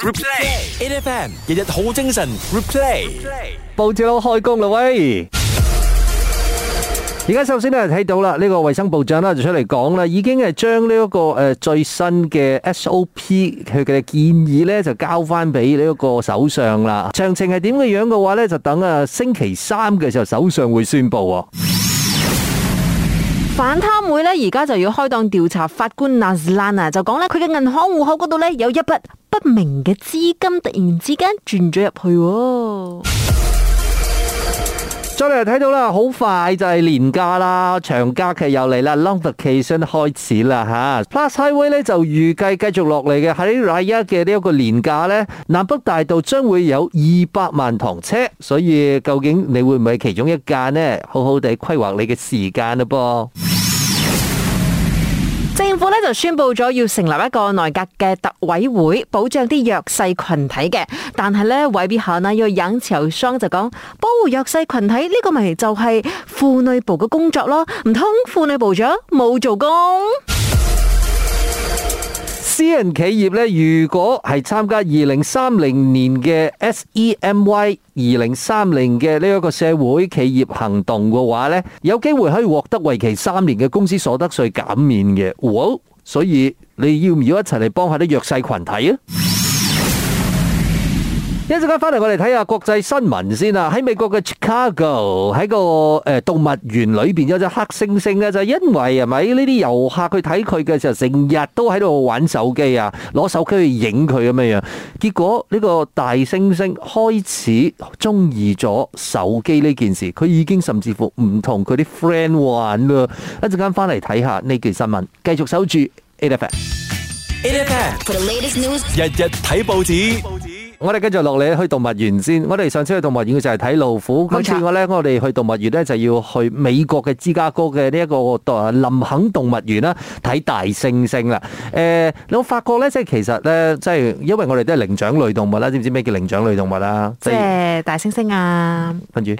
Replay，A F M，日日好精神。Replay，報紙佬開工啦喂！而家首先啊，睇到啦，呢個衛生部長啦就出嚟講啦，已經係將呢一個誒最新嘅 S O P 佢嘅建議呢就交翻俾呢一個首相啦。詳情係點嘅樣嘅話呢，就等啊星期三嘅時候首相會宣布。反貪會咧，而家就要開檔調查。法官 Nazlan 就講咧，佢嘅銀行戶口嗰度咧，有一筆不明嘅資金突然之間轉咗入去。再嚟睇到啦，好快就係年假啦，長假期又嚟啦 long vacation 開始啦吓。Plus Highway 咧就預計繼續落嚟嘅喺 New Year 嘅呢一個年假呢，南北大道將會有二百萬堂車，所以究竟你會唔會其中一架呢？好好地規劃你嘅時間咯噃。政府咧就宣佈咗要成立一個內閣嘅特委會，保障啲弱勢群體嘅。但係咧，委別後咧，有引潮商就講，保護弱勢群體呢個咪就係婦女部嘅工作咯，唔通婦女部長冇做工？私人企業咧，如果係參加二零三零年嘅 SEMY 二零三零嘅呢一個社會企業行動嘅話咧，有機會可以獲得為期三年嘅公司所得稅減免嘅。Wow, 所以你要唔要一齊嚟幫下啲弱勢群體啊？一陣間翻嚟，我哋睇下國際新聞先啊。喺美國嘅 Chicago，喺個誒動物園裏邊有隻黑猩猩嘅就係，因為係咪呢啲遊客去睇佢嘅時候，成日都喺度玩手機啊，攞手機去影佢咁樣樣。結果呢個大猩猩開始中意咗手機呢件事，佢已經甚至乎唔同佢啲 friend 玩啦。一陣間翻嚟睇下呢件新聞，繼續守住。A.、D A D、act, for the latest news，日日睇報紙。報紙我哋跟住落嚟去動物園先。我哋上次去動物園就係睇老虎。今次我咧，我哋去動物園咧就要去美國嘅芝加哥嘅呢一個林肯動物園啦，睇大猩猩啦。誒、欸，你有發覺咧，即係其實咧，即係因為我哋都係靈長類動物啦，知唔知咩叫靈長類動物啦？即係大猩猩啊，跟住誒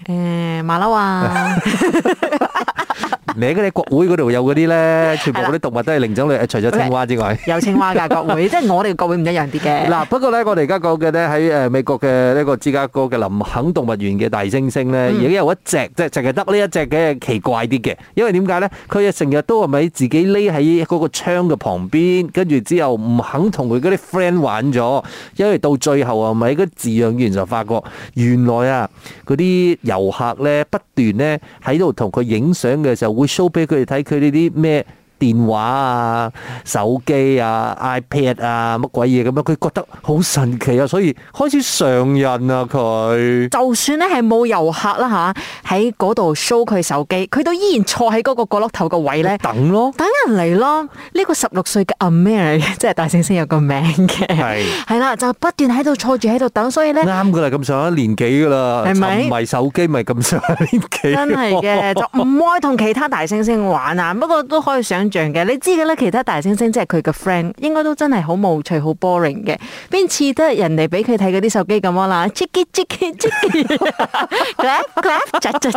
馬騮啊。 你嗰啲國會嗰度有嗰啲咧，全部嗰啲動物都係靈長類，除咗青蛙之外， 有青蛙㗎國會 即係我哋國會唔一樣啲嘅。嗱，不過咧，我哋而家講嘅咧喺美國嘅呢個芝加哥嘅林肯動物園嘅大猩猩咧，已經有一隻，嗯、即係淨係得呢一隻嘅奇怪啲嘅，因為點解咧？佢啊成日都係咪自己匿喺嗰個窗嘅旁邊，跟住之後唔肯同佢嗰啲 friend 玩咗，因為到最後啊，咪喺個飼養員就發覺原來啊嗰啲遊客咧不斷咧喺度同佢影相嘅時候。會 show 俾佢哋睇佢哋啲咩？電話啊、手機啊、iPad 啊、乜鬼嘢咁樣，佢覺得好神奇啊，所以開始上癮啊佢。就算咧係冇遊客啦嚇，喺嗰度 show 佢手機，佢都依然坐喺嗰個角落頭個位咧等咯，等人嚟咯。呢個十六歲嘅 Amer，即係大猩猩有個名嘅，係啦，就不斷喺度坐住喺度等，所以咧啱噶啦，咁上一年幾噶啦，係咪？唔係手機咪咁上一年幾？真係嘅，就唔可以同其他大猩猩玩啊，不過都可以上。嘅你知嘅啦，其他大猩猩即係佢嘅 friend，應該都真係好無趣、好 boring 嘅。邊似得人哋俾佢睇嗰啲手機咁 啊啦，嘰嘰嘰嘰嘰，clap clap，喳喳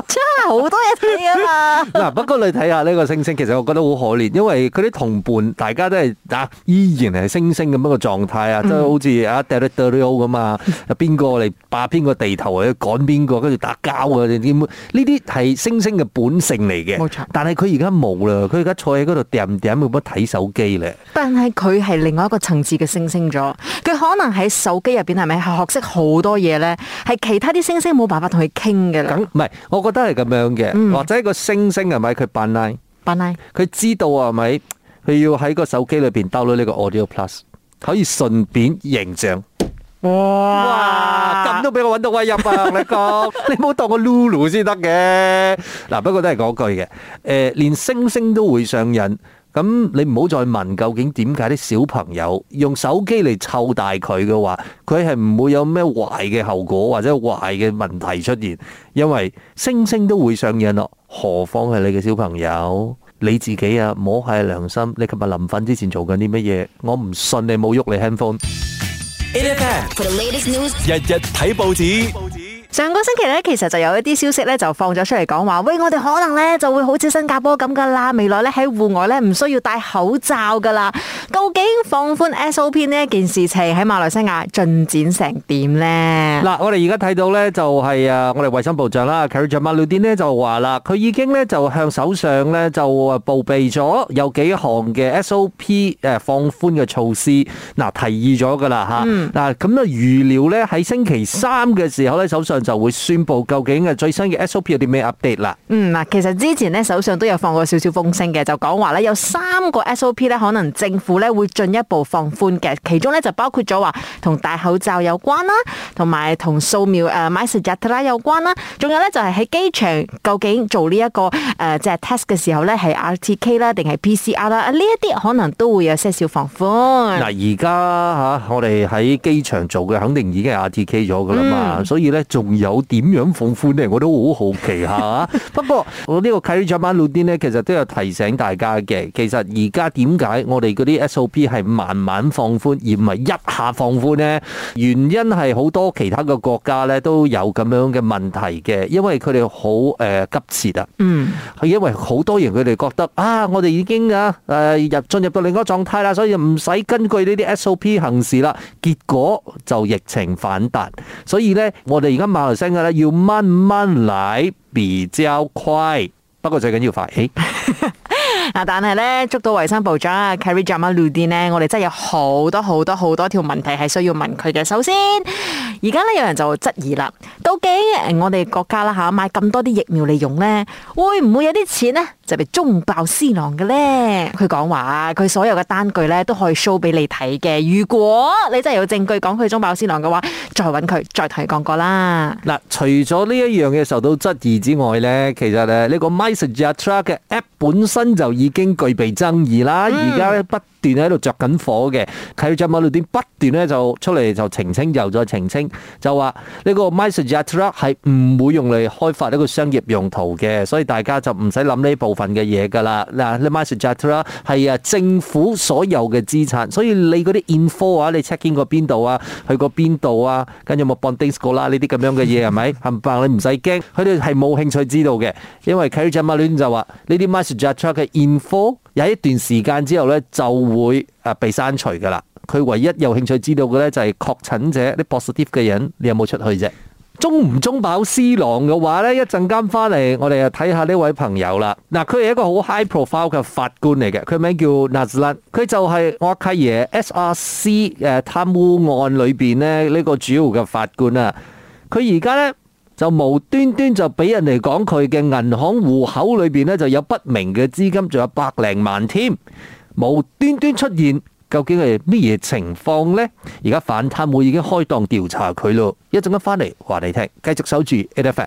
好多嘢睇啊嘛。嗱，不過你睇下呢個猩猩，其實我覺得好可憐，因為佢啲同伴大家都係啊，依然係猩猩咁樣嘅狀態啊，即係好似啊，掉嚟掉嚟 O 咁啊。邊個嚟霸邊個地頭，或者趕邊個，跟住打交啊？點呢啲係猩猩嘅本性嚟嘅，沒錯 但係佢而家冇啦，佢而家坐喺嗰度。掟唔掟乜睇手機咧，但係佢係另外一個層次嘅星星咗，佢可能喺手機入邊係咪學識好多嘢咧？係其他啲星星冇辦法同佢傾嘅。咁唔係，我覺得係咁樣嘅，嗯、或者一個星星係咪佢扮奶？扮奶演？佢演知道啊，係咪佢要喺個手機裏邊 download 呢個 Audio Plus，可以順便形象。哇！咁哇都俾我搵到威入啊！你講， 你唔好當我 lulu 先得嘅。嗱、啊，不過都係嗰句嘅。誒、呃，連星星都會上癮，咁你唔好再問，究竟點解啲小朋友用手機嚟湊大佢嘅話，佢係唔會有咩壞嘅後果或者壞嘅問題出現。因為星星都會上癮咯，何況係你嘅小朋友？你自己啊，摸下良心，你琴日臨瞓之前做緊啲乜嘢？我唔信你冇喐你 handphone 日日睇報紙。上個星期咧，其實就有一啲消息咧，就放咗出嚟，講話，喂，我哋可能咧就會好似新加坡咁噶啦，未來咧喺戶外咧唔需要戴口罩噶啦。究竟放寬 SOP 呢件事情喺馬來西亞進展成點咧？嗱，我哋而家睇到咧就係啊，我哋衛生部長啦，Khairy Jamaluddin 就話啦，佢已經咧就向首相咧就啊報備咗有幾項嘅 SOP 誒放寬嘅措施，嗱，提議咗噶啦吓，嗱咁啊預料咧喺星期三嘅時候咧，首相。就會宣布究竟嘅最新嘅 SOP 有啲咩 update 啦。嗯，嗱，其實之前咧手上都有放過少少風聲嘅，就講話咧有三個 SOP 咧可能政府咧會進一步放寬嘅，其中咧就包括咗話同戴口罩有關啦，同埋同掃描誒 MySejahtera 有關啦，仲有咧就係喺機場究竟做呢、這、一個誒即係 test 嘅時候咧係 RTK 啦定係 PCR 啦、啊，呢一啲可能都會有些少放寬。嗱，而家嚇我哋喺機場做嘅肯定已經係 RTK 咗㗎啦嘛，嗯、所以咧仲。有點樣放寬咧，我都好好奇吓。 不過我個呢個 Khairy Jamaluddin 咧，其實都有提醒大家嘅。其實而家點解我哋嗰啲 SOP 係慢慢放寬，而唔係一下放寬咧？原因係好多其他嘅國家咧都有咁樣嘅問題嘅，因為佢哋好誒急切啊。嗯，係因為好多人佢哋覺得啊，我哋已經啊誒入進入到另一個狀態啦，所以唔使根據呢啲 SOP 行事啦。結果就疫情反彈，所以咧我哋而家慢慢。後生嘅咧要慢慢嚟，比較快。不過最緊要快。啊，但係呢捉到衛生部長啊，Khairy Jamaluddin 咧，我哋真係有好多好多好多條問題係需要問佢嘅。首先，而家呢，有人就質疑啦，究竟我哋國家啦吓買咁多啲疫苗嚟用呢？會唔會有啲錢呢？」特別中飽私囊嘅咧，佢講話佢所有嘅單據咧都可以 show 俾你睇嘅。如果你真係有證據講佢中飽私囊嘅話，再搵佢，再同佢講過啦。嗱，除咗呢一樣嘢受到質疑之外咧，其實咧呢個 MySejahtera 嘅 app 本身就已經具備爭議啦。而家不斷喺度着緊火嘅，佢喺咗某度點不斷咧就出嚟就澄清又再澄清，就話呢個 MySejahtera 係唔會用嚟開發呢個商業用途嘅，所以大家就唔使諗呢部分。嘅嘢噶啦，嗱，你 message tracker 係啊政府所有嘅資產，所以你嗰啲 info 啊，你 check in 過邊度啊，去過邊度啊，跟住冇 bondings 過啦，呢啲咁樣嘅嘢係咪？冚棒，你唔使驚，佢哋係冇興趣知道嘅，因為 cagerizer 就話呢啲 message tracker 嘅 info 有一段時間之後咧就會被刪除噶啦。佢唯一有興趣知道嘅咧就係確診者啲 positive 嘅人，你有冇出去啫？中唔中飽私囊嘅話呢，一陣間翻嚟，我哋又睇下呢位朋友啦。嗱，佢係一個好 high profile 嘅法官嚟嘅，佢名叫 Nazlan，佢就係我契爺 SRC 誒貪污案裏邊呢呢個主要嘅法官啊。佢而家呢就無端端就俾人哋講佢嘅銀行戶口裏邊呢就有不明嘅資金，仲有百零萬添，無端端出現。究竟係乜嘢情況呢？而家反貪會已經開檔調查佢咯。一陣間翻嚟話你聽，繼續守住 ATF。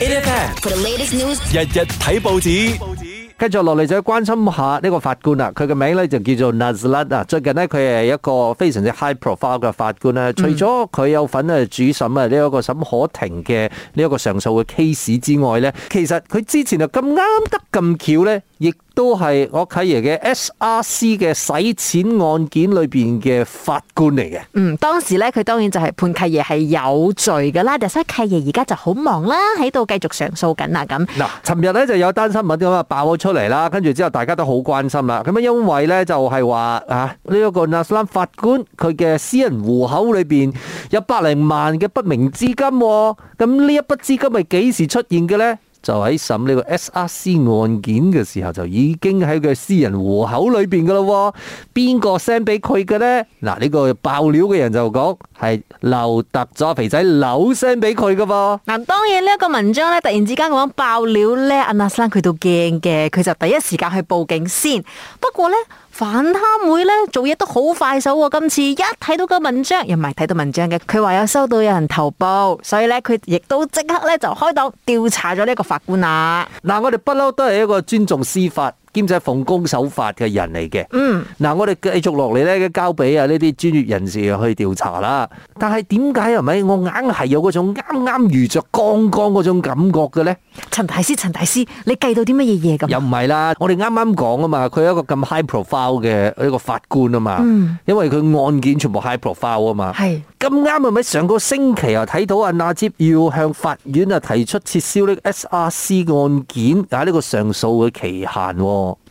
ATF for the latest news。日日睇報紙，報紙。繼續落嚟就要關心下呢個法官啦。佢嘅名咧就叫做 Nazlan 啊。最近呢，佢係一個非常之 high profile 嘅法官啦。除咗佢有份啊主審啊呢一個沈可婷嘅呢一個上訴嘅 case 之外咧，其實佢之前就咁啱得咁巧咧。亦都係我契爺嘅 SRC 嘅洗錢案件裏邊嘅法官嚟嘅。嗯，當時咧，佢當然就係判契爺係有罪噶啦。但係契爺而家就好忙啦，喺度繼續上訴緊啦。咁嗱，尋日咧就有單新聞咁啊爆咗出嚟啦，跟住之後大家都好關心啦。咁啊，因為咧就係話啊呢一個納 a m 法官佢嘅私人戶口裏邊有百零萬嘅不明資金，咁呢一筆資金係幾時出現嘅咧？就喺審呢個 SRC 案件嘅時候，就已經喺佢私人戶口裏邊嘅嘞。喎，邊個 send 俾佢嘅咧？嗱，呢個爆料嘅人就講。係留特咗皮仔扭聲俾佢噶噃。嗱，當然呢一個文章咧，突然之間咁樣爆料咧，阿納生佢都驚嘅，佢就第一時間去報警先。不過咧，反貪會咧做嘢都好快手，今次一睇到個文章，又唔係睇到文章嘅，佢話有收到有人投報，所以咧佢亦都即刻咧就開檔調查咗呢個法官啊。嗱，我哋不嬲都係一個尊重司法兼制奉公守法嘅人嚟嘅，嗯，嗱、啊，我哋繼續落嚟咧，交俾啊呢啲專業人士去調查啦。但係點解係咪我硬係有嗰種啱啱遇着剛剛嗰種感覺嘅咧？陳大師，陳大師，你計到啲乜嘢嘢咁？又唔係啦，我哋啱啱講啊嘛，佢係一個咁 high profile 嘅一個法官啊嘛，嗯，因為佢案件全部 high profile 啊嘛，係。咁啱係咪上個星期又睇到啊？納吉要向法院啊提出撤銷呢個 S R C 案件啊呢個上訴嘅期限。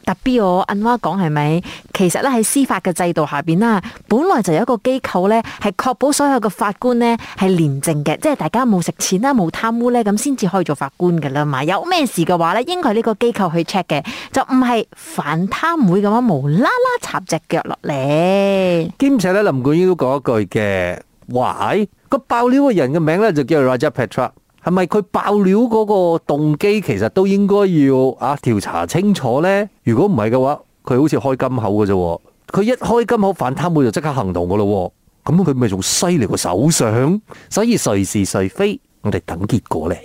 特別我阿媽講係咪？其實咧喺司法嘅制度下面啦，本來就有一個機構咧，係確保所有嘅法官呢係廉政嘅，即係大家冇食錢啦，冇貪污咧，咁先至可以做法官噶啦嘛。有咩事嘅話咧，應該呢個機構去 check 嘅，就唔係反貪會咁樣無啦啦插隻腳落嚟。兼且咧，林冠英都講一句嘅。喂，個爆料嘅人嘅名咧就叫 Raja Petra，係咪佢爆料嗰個動機其實都應該要啊調查清楚咧？如果唔係嘅話，佢好似開金口咋啫，佢一開金口，反貪會就即刻行動喇咯，咁佢咪仲犀利過首相，所以誰是誰非？我哋等結果咧。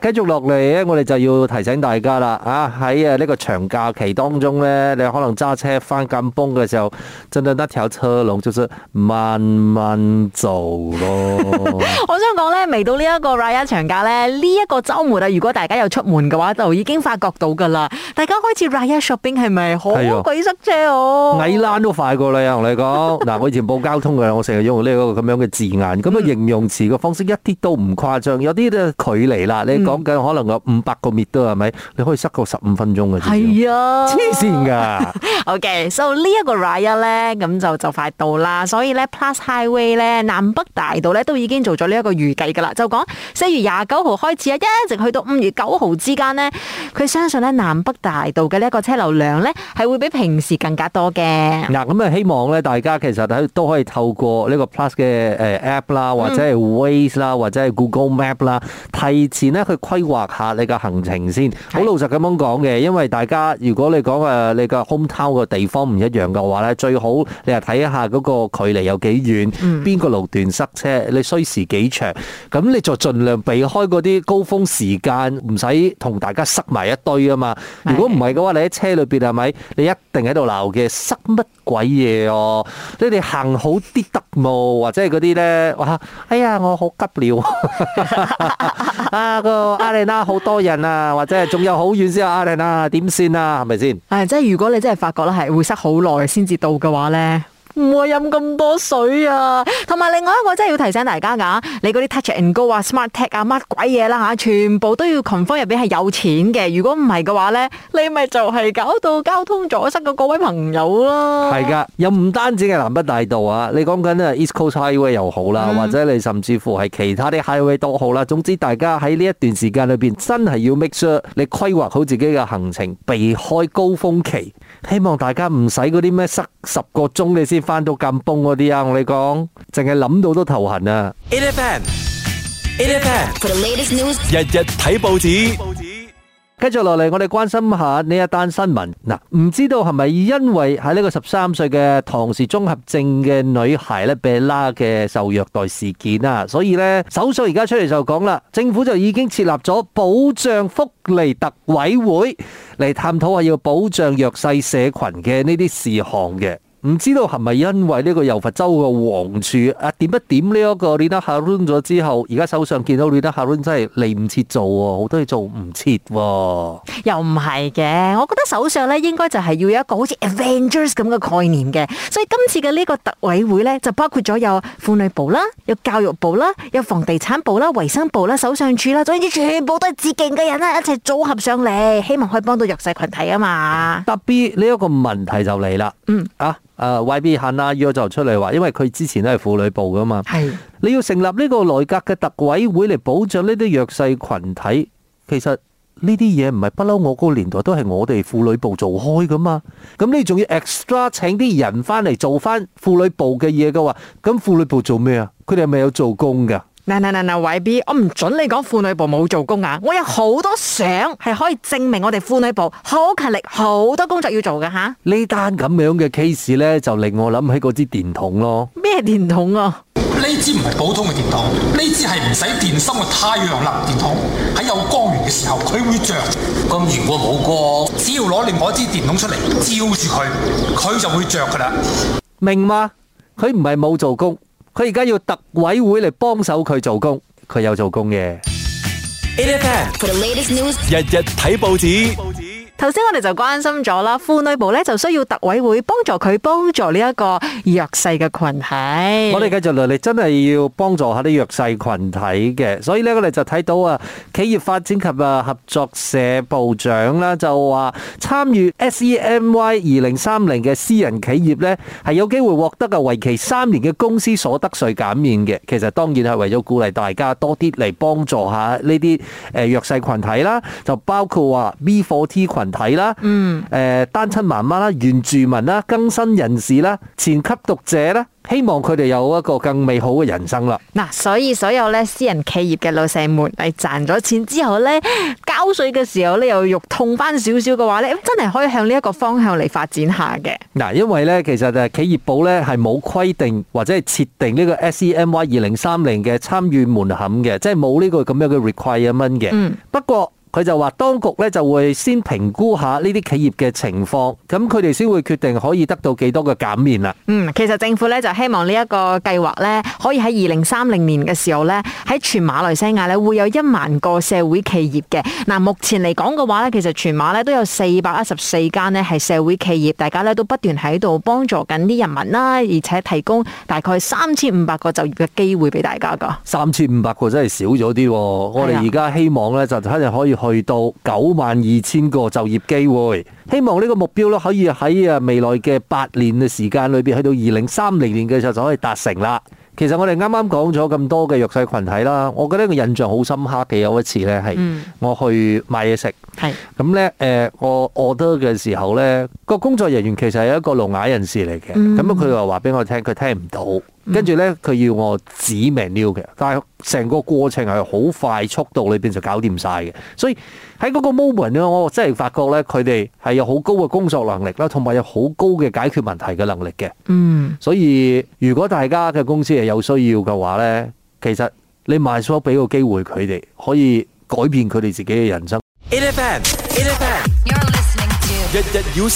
繼續落嚟咧，我哋就要提醒大家啦，啊喺呢個長假期當中咧，你可能揸車翻金崩嘅時候，真係得條車龍就是慢慢做咯。 我想講咧，未到呢一個 Raya 長假咧，呢、這、一個周末啊，如果大家有出門嘅話，就已經發覺到噶啦。大家開始 Raya shopping 係咪好鬼塞車哦、啊？矮爛都快過嚟啊！同你講，嗱，我以前報交通嘅，我成日用呢、這個咁樣嘅字眼，咁樣形容詞嘅方式、嗯、一啲都唔。唔誇張有啲嘅距離啦。你講緊可能有五百個 mile 都係咪？你可以塞個十五分鐘嘅啫。係啊，黐線㗎。的 OK，so、okay, 呢一個 Raya 咧咁就就快到啦。所以咧，Plus Highway 咧，南北大道咧都已經做咗呢一個預計噶啦。就講四月廿九號開始啊，一直去到五月九號之間咧，佢相信咧南北大道嘅呢一個車流量咧係會比平時更加多嘅。嗱、啊，咁啊希望咧大家其實都都可以透過呢個 Plus 嘅誒 app 啦，或者係 Waze 啦、嗯，或者係。Google Map 啦，提前咧去規劃下你個行程先，好老實咁樣講嘅。因為大家如果你講誒你個 hometown 個地方唔一樣嘅話咧，最好你係睇一下嗰個距離有幾遠，邊個路段塞車，你需時幾長，咁你就盡量避開嗰啲高峯時間，唔使同大家塞埋一堆啊嘛。如果唔係嘅話，你喺車裏邊係咪？你一定喺度鬧嘅，塞乜鬼嘢哦！你哋行好啲得冇，或者係嗰啲咧哇，哎呀我好急了。 啊，個阿玲啦，好多人啊，或者仲有好遠先有阿玲啊，點算啊，係咪先？誒，即係如果你真係發覺啦，係會塞好耐先至到嘅話咧。唔好飲咁多水啊！同埋另外一個真係要提醒大家㗎，你嗰啲 Touch and Go 啊、Smart Tag 啊、乜鬼嘢啦嚇，全部都要 confirm 入邊係有錢嘅。如果唔係嘅話呢，你咪就係搞到交通阻塞嘅各位朋友啦。係噶，又唔單止係南北大道啊，你講緊啊 East Coast Highway 又好啦，嗯、或者你甚至乎係其他啲 highway 都好啦。總之大家喺呢一段時間裏面真係要 make sure 你規劃好自己嘅行程，避開高峰期。希望大家唔使嗰啲咩塞十個鐘你先。翻到咁崩嗰啲啊！我哋講，淨係諗到都頭痕啊！日日睇報紙，報紙。繼續落嚟，我哋關心下呢一單新聞。嗱，唔知道係咪因為喺呢個十三歲嘅唐氏綜合症嘅女孩咧被拉嘅受虐待事件啊，所以咧首相而家出嚟就講啦，政府就已經設立咗保障福利特委會嚟探討話要保障弱勢社群嘅呢啲事項嘅。唔知道係咪因為呢個柔佛州嘅王儲啊，點一點呢一個 Rina Harun 咗之後，而家首相見到 Rina Harun 真係嚟唔切做喎，好多嘢做唔切喎。又唔係嘅，我覺得首相咧應該就係要有一個好似 Avengers 咁嘅概念嘅，所以今次嘅呢個特委會咧就包括咗有婦女部啦，有教育部啦，有房地產部啦、衛生部啦、首相處啦，總之全部都係至勁嘅人啦，一齊組合上嚟，希望可以幫到弱勢群體啊嘛。特別呢一個問題就嚟啦，嗯啊。啊，YB 限啊約就出嚟話，因為佢之前都係婦女部噶嘛，係你要成立呢個內閣嘅特委會嚟保障呢啲弱勢群體，其實呢啲嘢唔係不嬲，我嗰個年代都係我哋婦女部做開噶嘛，咁你仲要 extra 請啲人翻嚟做翻婦女部嘅嘢嘅話，咁婦女部做咩啊？佢哋係咪有做工噶？嗱嗱嗱嗱 YB，我唔准你講婦女部冇做工啊！我有好多相係可以證明我哋婦女部好勤力，好多工作要做㗎。吓、啊。呢單咁樣嘅 case 咧，就令我諗起嗰支電筒咯。咩電筒啊？呢支唔係普通嘅電筒，呢支係唔使電芯嘅太陽能電筒。喺有光源嘅時候，佢會着。咁如果冇光，只要攞另外一支電筒出嚟，照住佢，佢就會着噶啦。明嘛？佢唔係冇做工。佢而家要特委會嚟幫手佢做工，佢有做工嘅，日日睇報紙。頭先我哋就關心咗啦，婦女部咧就需要特委會幫助佢，幫助呢一個弱勢嘅群體。我哋繼續嚟，真係要幫助一下啲弱勢群體嘅。所以呢，我哋就睇到啊，企業發展及啊合作社部長啦，就話參與 S E M Y 二零三零嘅私人企業呢，係有機會獲得啊為期三年嘅公司所得稅減免嘅。其實當然係為咗鼓勵大家多啲嚟幫助一下呢啲誒弱勢群體啦，就包括話 B40 群體。睇啦，嗯，誒，單親媽媽啦，原住民啦，更新人士啦，前吸毒者啦，希望佢哋有一個更美好嘅人生啦。嗱、嗯，所以所有咧私人企業嘅老細們，係賺咗錢之後咧，交稅嘅時候咧又肉痛翻少少嘅話咧，真係可以向呢一個方向嚟發展下嘅。嗱，因為咧其實誒企業部咧係冇規定或者係設定呢個 S E M Y 二零三零嘅參與門檻嘅，即係冇呢個咁樣嘅 requirement 嘅。嗯，不過。佢就話當局咧就會先評估下呢啲企業嘅情況，咁佢哋先會決定可以得到幾多嘅減免啦。嗯，其實政府咧就希望呢一個計劃咧可以喺二零三零年嘅時候咧喺全馬來西亞咧會有一萬個社會企業嘅。嗱，目前嚟講嘅話咧，其實全馬咧都有四百一十四間咧係社會企業，大家咧都不斷喺度幫助緊啲人民啦，而且提供大概三千五百個就業嘅機會俾大家噶。三千五百個真係少咗啲喎，我哋而家希望咧就真係可以。去到九萬二千個就業機會，希望呢個目標咧可以喺啊未來嘅八年嘅時間裏邊，去到二零三零年嘅時候就可以達成啦。其實我哋啱啱講咗咁多嘅弱勢群體啦，我覺得個印象好深刻嘅有一次呢，係我去買嘢食，咁呢、嗯，誒我 order 嘅時候呢，個工作人員其實係一個聾啞人士嚟嘅，咁佢話話俾我聽，佢聽唔到。跟住呢，佢要我指名 new 嘅，但係成個過程係好快速度裏邊就搞掂晒嘅。所以喺嗰個 moment 呢，我真係發覺呢，佢哋係有好高嘅工作能力啦，同埋有好高嘅解決問題嘅能力嘅。嗯，所以如果大家嘅公司係有需要嘅話呢，其實你 make sure 俾個機會佢哋可以改變佢哋自己嘅人生。日日要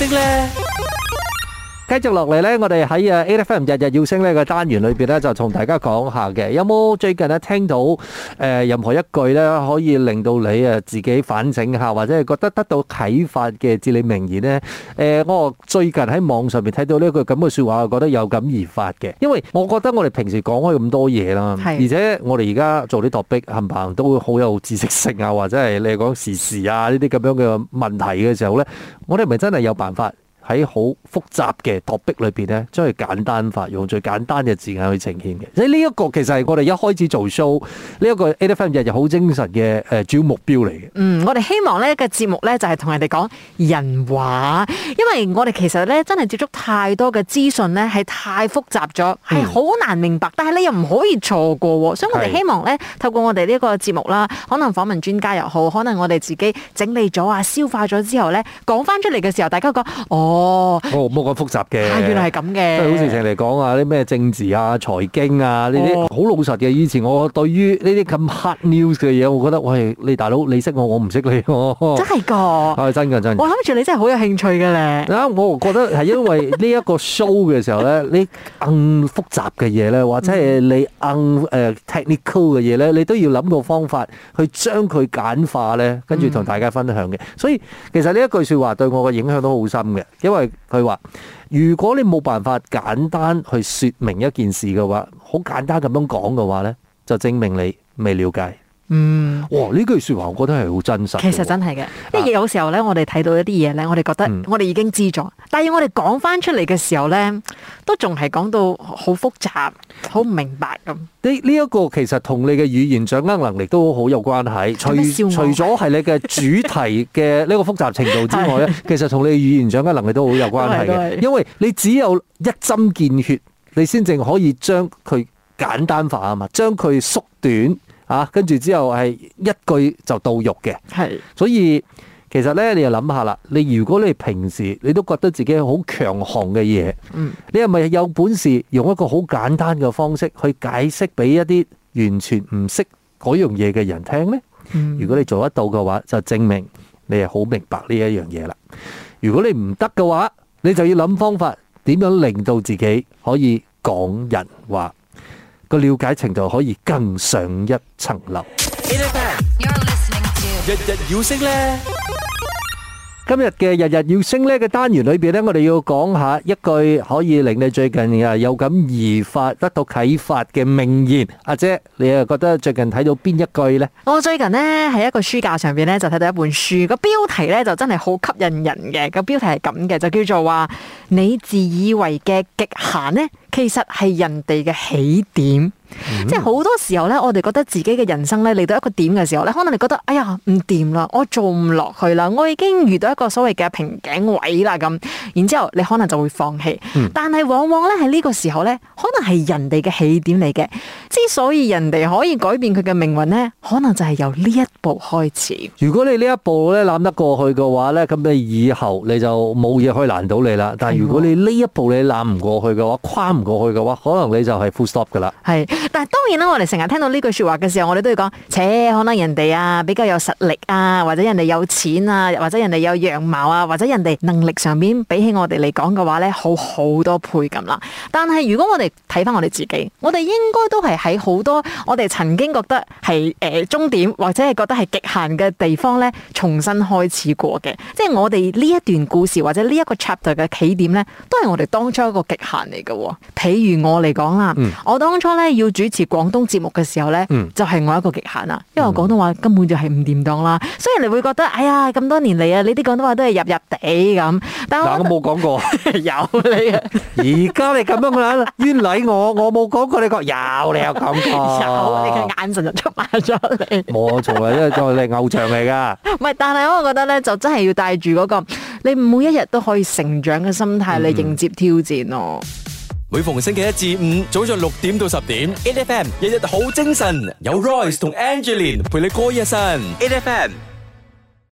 繼續落嚟呢，我哋喺啊 ATFM 日日要升呢個單元裏邊呢，就同大家講下嘅。有冇最近呢聽到誒任何一句呢？可以令到你啊自己反省下，或者係覺得得到啟發嘅至理名言呢？誒，我最近喺網上面睇到呢句咁嘅說話，我覺得有感而發嘅。因為我覺得我哋平時講開咁多嘢啦，是的 而且我哋而家做啲托逼冚唪唥都會好有知識性啊，或者係你講時事啊呢啲咁樣嘅問題嘅時候呢，我哋咪真係有辦法。喺好複雜嘅 topic 裏邊咧，將佢簡單化，用最簡單嘅字眼去呈現嘅。所以呢一個其實係我哋一開始做 show 呢一個 e i 日日好精神嘅誒主要目標嚟嘅。嗯，我哋希望呢個節目咧就係同人哋講人話，因為我哋其實咧真係接觸太多嘅資訊咧係太複雜咗，係好、嗯、難明白。但係你又唔可以錯過，所以我哋希望咧透過我哋呢個節目啦，是可能訪問專家又好，可能我哋自己整理咗啊、消化咗之後咧講翻出嚟嘅時候，大家講我。哦哦，冇咁複雜嘅，原來係咁嘅。即係好似成日嚟講啊，啲咩政治啊、財經啊呢啲，好老實嘅。以前我對於呢啲咁 hard news 嘅嘢，我覺得喂，你大佬你識我，我唔識你。真係㗎，係真㗎，真。我諗住你真係好有興趣㗎咧。啊，我覺得係因為呢一個 show 嘅時候咧，你咁複雜嘅嘢咧，或者係你咁 technical 嘅嘢咧，你都要諗個方法去將佢簡化咧，跟住同大家分享嘅。所以其實呢一句説話對我嘅影響都好深嘅。因為佢話，如果你冇辦法簡單去說明一件事嘅話，好簡單咁樣講嘅話呢，就證明你未了解。嗯，哇、哦！呢句說話我覺得係好真實，其實真係嘅。因為有時候咧，我哋睇到一啲嘢咧，啊、我哋覺得我哋已經知咗，嗯、但係我哋講翻出嚟嘅時候咧，都仲係講到好複雜，好唔明白咁。呢呢一個其實同你嘅語言掌握能力都好有關係。除除咗係你嘅主題嘅呢個複雜程度之外咧， 其實同你嘅語言掌握能力都好有關係。因為你只有一針見血，你先正可以將佢簡單化啊嘛，將佢縮短。啊，跟住之後係一句就到肉嘅，是所以其實呢，你就諗下啦，你如果你平時你都覺得自己好強項嘅嘢，嗯、你係咪有本事用一個好簡單嘅方式去解釋俾一啲完全唔識嗰樣嘢嘅人聽呢？嗯、如果你做得到嘅話，就證明你係好明白呢一樣嘢啦。如果你唔得嘅話，你就要諗方法點樣令到自己可以講人話。個了解程度可以更上一層樓。In Japan, 日日要識咧。今日嘅日日要升呢個單元裏邊咧，我哋要講一下一句可以令你最近啊有感而發，得到啟發嘅名言。阿姐，你又覺得最近睇到邊一句呢？我最近呢喺一個書架上邊咧就睇到一本書，個標題咧就真係好吸引人嘅。個標題係咁嘅，就叫做話你自以為嘅極限呢，其實係人哋嘅起點。 即係好多時候咧，我哋覺得自己嘅人生咧嚟到一個點嘅時候咧，可能你覺得哎呀唔掂啦，我做唔落去啦，我已經遇到一個所謂嘅瓶頸位啦咁，然之後你可能就會放棄。但係往往咧喺呢個時候咧，可能係人哋嘅起點嚟嘅。之所以人哋可以改變佢嘅命運呢，可能就係由呢一步開始。如果你呢一步咧攬得過去嘅話咧，咁你以後你就冇嘢可以攔到你啦。但係如果你呢一步你攬唔過去嘅話，跨唔過去嘅話，可能你就係 full stop 噶啦。係，但係當然啦，我哋成日聽到呢句說話嘅時候，我哋都要講，扯，可能人哋啊比較有實力啊，或者人哋有錢啊，或者人哋有樣貌啊，或者人哋能力上面比起我哋嚟講嘅話咧，好好多倍咁啦。但係如果我哋睇翻我哋自己，我哋應該都係。喺好多我哋曾經覺得係誒、呃、終點或者係覺得係極限嘅地方咧，重新開始過嘅，即係我哋呢一段故事或者呢一個 chapter 嘅起點咧，都係我哋當初一個極限嚟嘅、哦。譬如我嚟講啦，嗯、我當初咧要主持廣東節目嘅時候咧，嗯、就係我一個極限啦，因為我廣東話根本就係唔掂當啦。雖然你會覺得，哎呀咁多年嚟啊，你啲廣東話都係入入地咁，但我冇講過，有 你。而家 你咁樣啦，冤枉我，我冇講過你講有你。冇錯，你嘅眼神就出賣咗你。冇，從來都係你偶像嚟㗎。唔係，但係我覺得咧，就真係要帶住嗰個你每一日都可以成長嘅心態嚟迎接挑戰咯。每逢星期一至五早上六點到十點，A F M 日日好精神，有 Royce 同 Angelina 陪你過一晨，A F M。